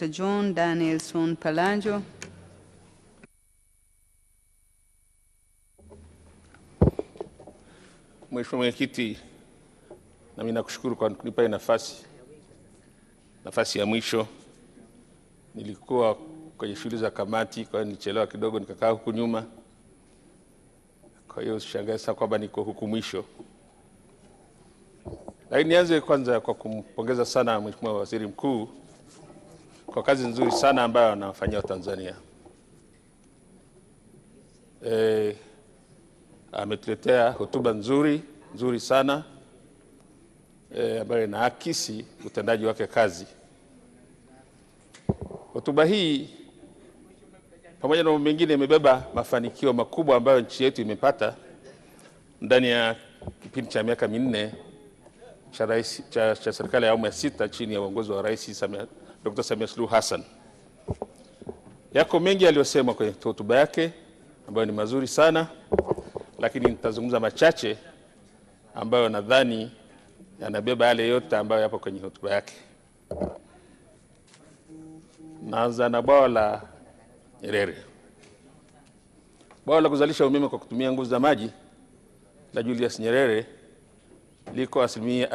Dr. John Danielson Palajo. Mheshimiwa Mwenyekiti, nami nakushukuru kwa kunipa nafasi nafasi ya mwisho. Nilikuwa kwenye shughuli za kamati, kwa hiyo nilichelewa kidogo, nikakaa huku nyuma. Kwa hiyo usishangae sana kwamba niko huku mwisho, lakini nianze kwanza kwa kumpongeza sana Mheshimiwa Waziri Mkuu kwa kazi nzuri sana ambayo anafanyia Watanzania. E, ametuletea hotuba nzuri nzuri sana e, ambayo inaakisi utendaji wake kazi. Hotuba hii pamoja na mambo mengine imebeba mafanikio makubwa ambayo nchi yetu imepata ndani ya kipindi cha miaka minne cha, cha, cha serikali ya awamu ya sita chini ya uongozi wa Rais Samia Dr. Samia Suluhu Hassan. Yako mengi aliyosema kwenye hotuba yake ambayo ni mazuri sana, lakini nitazungumza machache ambayo nadhani yanabeba yale yote ambayo yapo kwenye hotuba yake. Naanza na bwawa la Nyerere. Bwawa la kuzalisha umeme kwa kutumia nguvu za maji la Julius Nyerere liko asilimia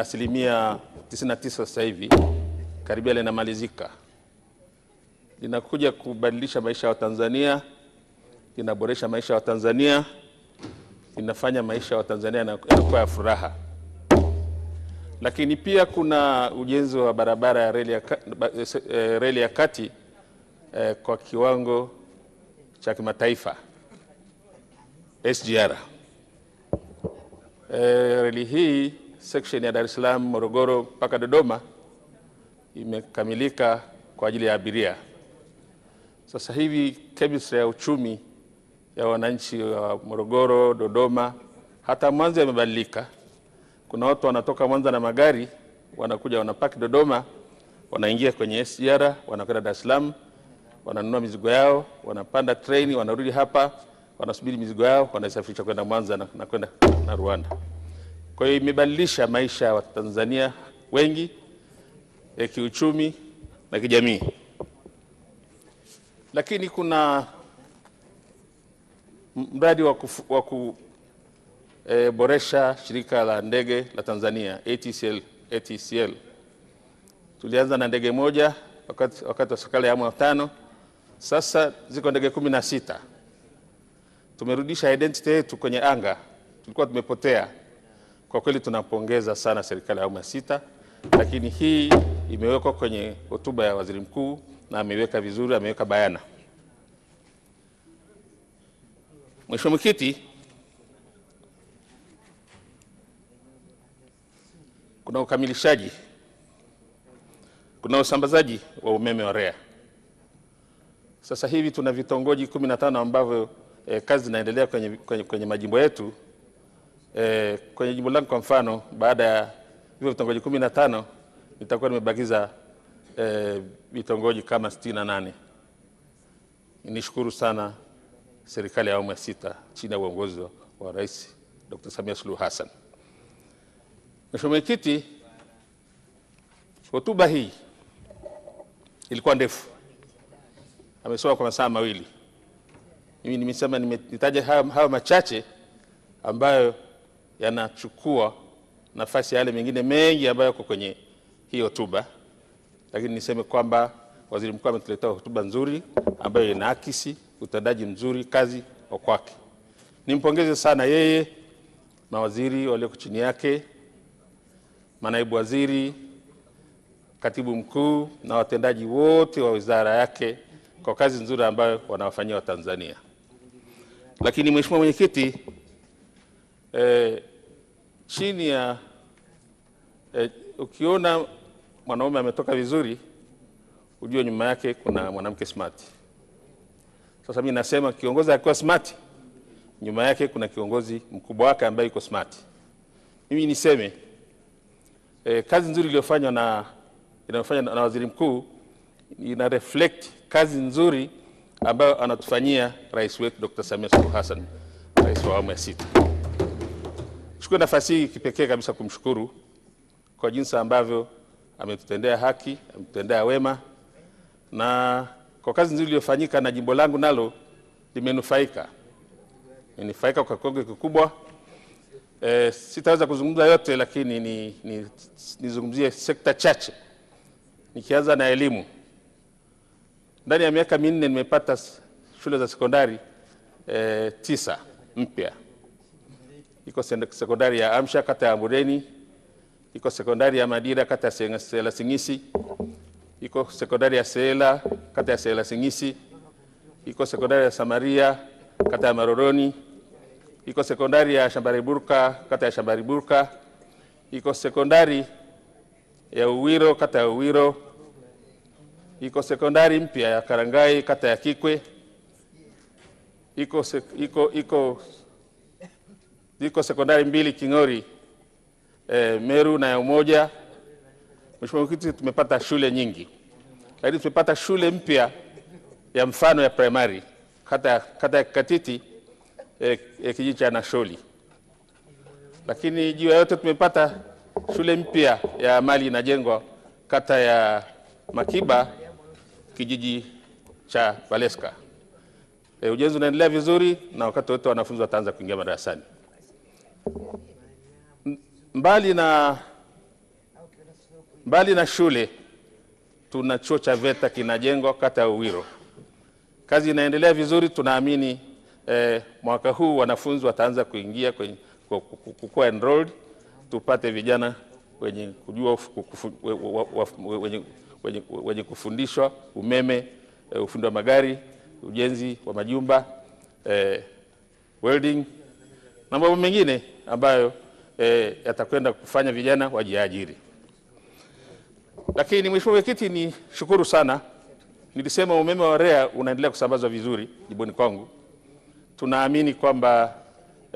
99 sasa hivi karibia linamalizika, linakuja kubadilisha maisha ya Watanzania, linaboresha maisha ya Watanzania, linafanya maisha ya Watanzania yanakuwa ya furaha. Lakini pia kuna ujenzi wa barabara ya reli ya, eh, eh, reli ya kati eh, kwa kiwango cha kimataifa SGR. Eh, reli hii section ya Dar es Salaam, Morogoro mpaka Dodoma imekamilika kwa ajili ya abiria. Sasa hivi kemistri ya uchumi ya wananchi wa Morogoro, Dodoma, hata Mwanza yamebadilika. Kuna watu wanatoka Mwanza na magari wanakuja wanapaki Dodoma, wanaingia kwenye SGR, wanakwenda Dar es Salaam, wananunua mizigo yao, wanapanda treni, wanarudi hapa, wanasubiri mizigo yao, wanasafirisha kwenda Mwanza na, na kwenda na Rwanda. Kwa hiyo imebadilisha maisha ya wa Watanzania wengi ya kiuchumi na kijamii. Lakini kuna mradi wa kuboresha e, shirika la ndege la Tanzania ATCL, ATCL. Tulianza na ndege moja wakati, wakati wa serikali ya awamu ya tano. Sasa ziko ndege kumi na sita. Tumerudisha identity yetu kwenye anga, tulikuwa tumepotea. Kwa kweli tunapongeza sana serikali ya awamu ya sita, lakini hii imewekwa kwenye hotuba ya waziri mkuu na ameweka vizuri, ameweka bayana. Mheshimiwa Mwenyekiti, kuna ukamilishaji, kuna usambazaji wa umeme wa REA. Sasa hivi tuna vitongoji 15 ambavyo eh, kazi zinaendelea kwenye, kwenye, kwenye majimbo yetu eh, kwenye jimbo langu kwa mfano, baada ya hivyo vitongoji tano nitakuwa nimebakiza vitongoji eh, e, kama sitini na nane. Nishukuru sana serikali ya awamu ya sita chini ya uongozi wa Rais Dr. Samia Suluhu Hassan. Mheshimiwa Mwenyekiti, hotuba hii ilikuwa ndefu, amesoma kwa masaa mawili. Mimi nimesema nimetaja hayo machache ambayo yanachukua nafasi ya yale mengine mengi ambayo yako kwenye hii hotuba, lakini niseme kwamba waziri mkuu ametuletea hotuba nzuri ambayo inaakisi utendaji mzuri kazi wa kwake. Nimpongeze sana yeye, mawaziri walioko chini yake, manaibu waziri, katibu mkuu na watendaji wote wa wizara yake kwa kazi nzuri ambayo wanawafanyia Watanzania. Lakini mheshimiwa mwenyekiti, eh, chini ya eh, ukiona mwanaume ametoka vizuri, ujue nyuma yake kuna mwanamke smart. Sasa mimi nasema kiongozi akiwa smart, nyuma yake kuna kiongozi mkubwa wake ambaye yuko smart. Mimi niseme e, kazi nzuri iliyofanywa na inayofanywa na waziri mkuu ina reflect kazi nzuri ambayo anatufanyia rais wetu Dr. Samia Suluhu Hassan, rais wa awamu ya sita. Chukue nafasi hii kipekee kabisa kumshukuru kwa jinsi ambavyo ametutendea haki, ametutendea wema, na kwa kazi nzuri iliyofanyika, na jimbo langu nalo limenufaika, imenufaika kwa kiwango kikubwa. E, sitaweza kuzungumza yote, lakini ni, ni, nizungumzie sekta chache, nikianza na elimu. Ndani ya miaka minne nimepata shule za sekondari e, tisa mpya. Iko sekondari ya Amsha kata ya Mureni iko sekondari ya Madira kata ya Sela Sing'isi, iko sekondari ya Sela kata ya Sela Sing'isi, iko sekondari ya Samaria kata ya Maroroni, iko sekondari ya Shambari Burka kata ya Shambari Burka, iko sekondari ya Uwiro kata ya Uwiro, iko sekondari mpya ya Karangai kata ya Kikwe, iko, sek, iko, iko, iko sekondari mbili King'ori eh, Meru na ya Umoja. Mheshimiwa Mwenyekiti, tumepata shule nyingi, lakini tumepata shule mpya ya mfano ya primary kata, kata ya Kikatiti eh, eh, kijiji cha Nasholi. Lakini juu ya yote tumepata shule mpya ya mali inajengwa kata ya Makiba kijiji cha Valeska. E, ujenzi unaendelea vizuri na wakati wote wanafunzi wataanza kuingia madarasani. Mbali na mbali na shule tuna chuo cha VETA kinajengwa kata ya Uwiro. Kazi inaendelea vizuri, tunaamini eh, mwaka huu wanafunzi wataanza kuingia kwenye kukuwa enrolled, tupate vijana wenye kujua wenye kufundishwa umeme, eh, ufundi wa magari, ujenzi wa majumba, eh, welding na mambo mengine ambayo e, yatakwenda kufanya vijana wajiajiri. Lakini mheshimiwa mwenyekiti, ni shukuru sana, nilisema umeme wa REA unaendelea kusambazwa vizuri jimboni kwangu. Tunaamini kwamba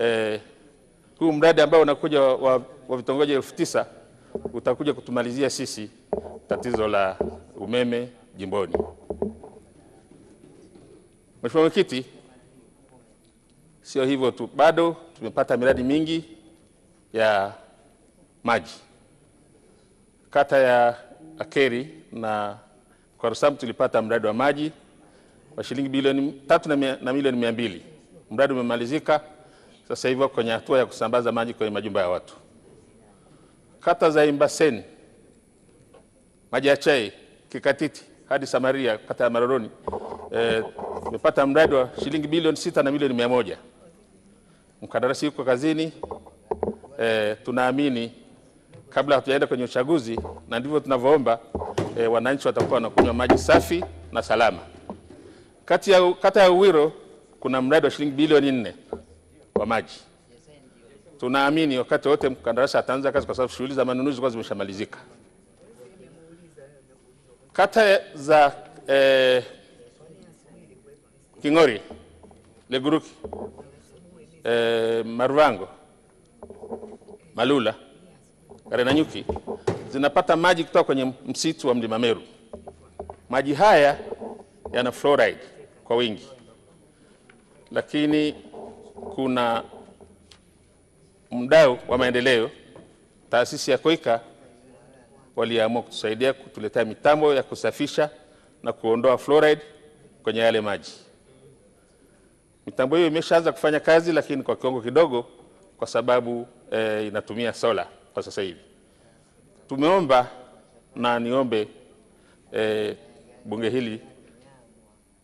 e, huu mradi ambao unakuja wa, wa vitongoji elfu tisa utakuja kutumalizia sisi tatizo la umeme jimboni. Mheshimiwa mwenyekiti, sio hivyo tu, bado tumepata miradi mingi ya maji kata ya Akeri na Kwarusamu tulipata mradi wa maji wa shilingi bilioni tatu na milioni mia mbili. Mradi umemalizika sasa hivi kwenye hatua ya kusambaza maji kwenye majumba ya watu. Kata za Imbaseni, maji ya chai, Kikatiti hadi Samaria, kata ya Maroroni eh, tumepata e, mradi wa shilingi bilioni sita na milioni mia moja. Mkandarasi yuko kazini e, tunaamini kabla hatujaenda kwenye uchaguzi, na ndivyo tunavyoomba e, wananchi watakuwa wanakunywa maji safi na salama. Kati ya, kata ya Uwiro kuna mradi wa shilingi bilioni nne wa maji. Tunaamini wakati wote mkandarasi ataanza kazi, kwa sababu shughuli za manunuzi kwa zimeshamalizika. Kata za eh, King'ori, Leguruki, eh, Maruvango, Malula, Karenanyuki zinapata maji kutoka kwenye msitu wa Mlima Meru. Maji haya yana fluoride kwa wingi, lakini kuna mdau wa maendeleo, taasisi ya Koika waliamua kutusaidia kutuletea mitambo ya kusafisha na kuondoa fluoride kwenye yale maji. Mitambo hiyo imeshaanza kufanya kazi, lakini kwa kiwango kidogo, kwa sababu e, inatumia sola kwa sasa hivi. Tumeomba na niombe e, bunge hili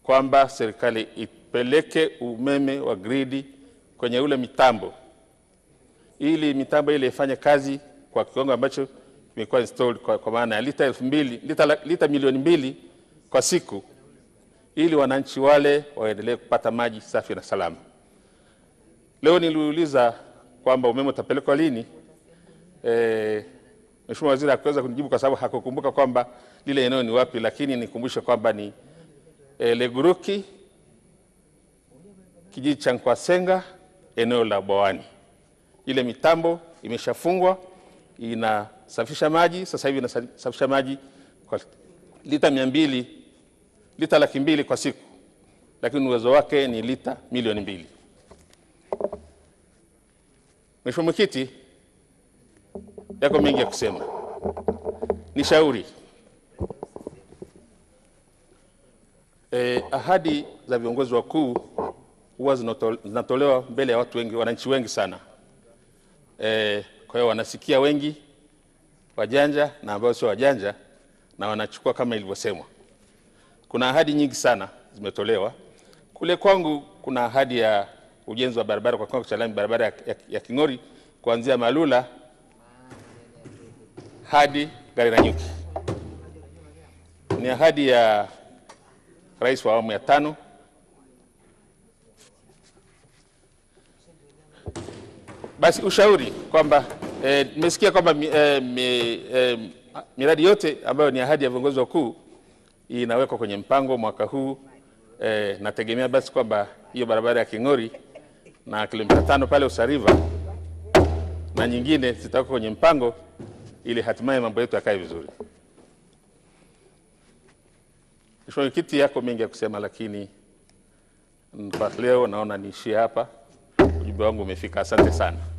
kwamba serikali ipeleke umeme wa gridi kwenye ule mitambo ili mitambo ile ifanye kazi kwa kiwango ambacho kimekuwa installed kwa, kwa maana ya lita elfu mbili lita, lita milioni mbili kwa siku ili wananchi wale waendelee kupata maji safi na salama. Leo niliuliza kwamba umeme utapelekwa lini, eh, Mheshimiwa Waziri hakuweza kunijibu kwa sababu hakukumbuka kwamba lile eneo ni wapi, lakini nikumbushe kwamba ni eh, Leguruki kijiji cha Nkwasenga eneo la Bwawani. Ile mitambo imeshafungwa inasafisha maji sasa hivi, inasafisha maji kwa lita mia mbili lita laki mbili kwa siku, lakini uwezo wake ni lita milioni mbili. Mheshimiwa Mwenyekiti, yako mengi ya kusema, nishauri eh, ahadi za viongozi wakuu huwa zinatolewa mbele ya watu wengi, wananchi wengi sana eh, kwa hiyo wanasikia wengi wajanja na ambao sio wajanja na wanachukua kama ilivyosemwa. Kuna ahadi nyingi sana zimetolewa kule. Kwangu kuna ahadi ya ujenzi wa barabara kwa kiwango cha lami, barabara ya, ya, ya King'ori kuanzia Malula hadi Gariranyuki. Ni ahadi ya rais wa awamu ya tano Basi ushauri kwamba e, nimesikia eh, kwamba eh, mi, eh, miradi yote ambayo ni ahadi ya viongozi wakuu inawekwa kwenye mpango mwaka huu eh, nategemea basi kwamba hiyo barabara ya King'ori na kilomita tano pale Usariva na nyingine zitakuwa kwenye mpango ili hatimaye mambo yetu yakae vizuri. Mheshimiwa Mwenyekiti, yako mengi ya kusema, lakini kwa leo naona niishie hapa. Ujumbe wangu umefika. Asante sana.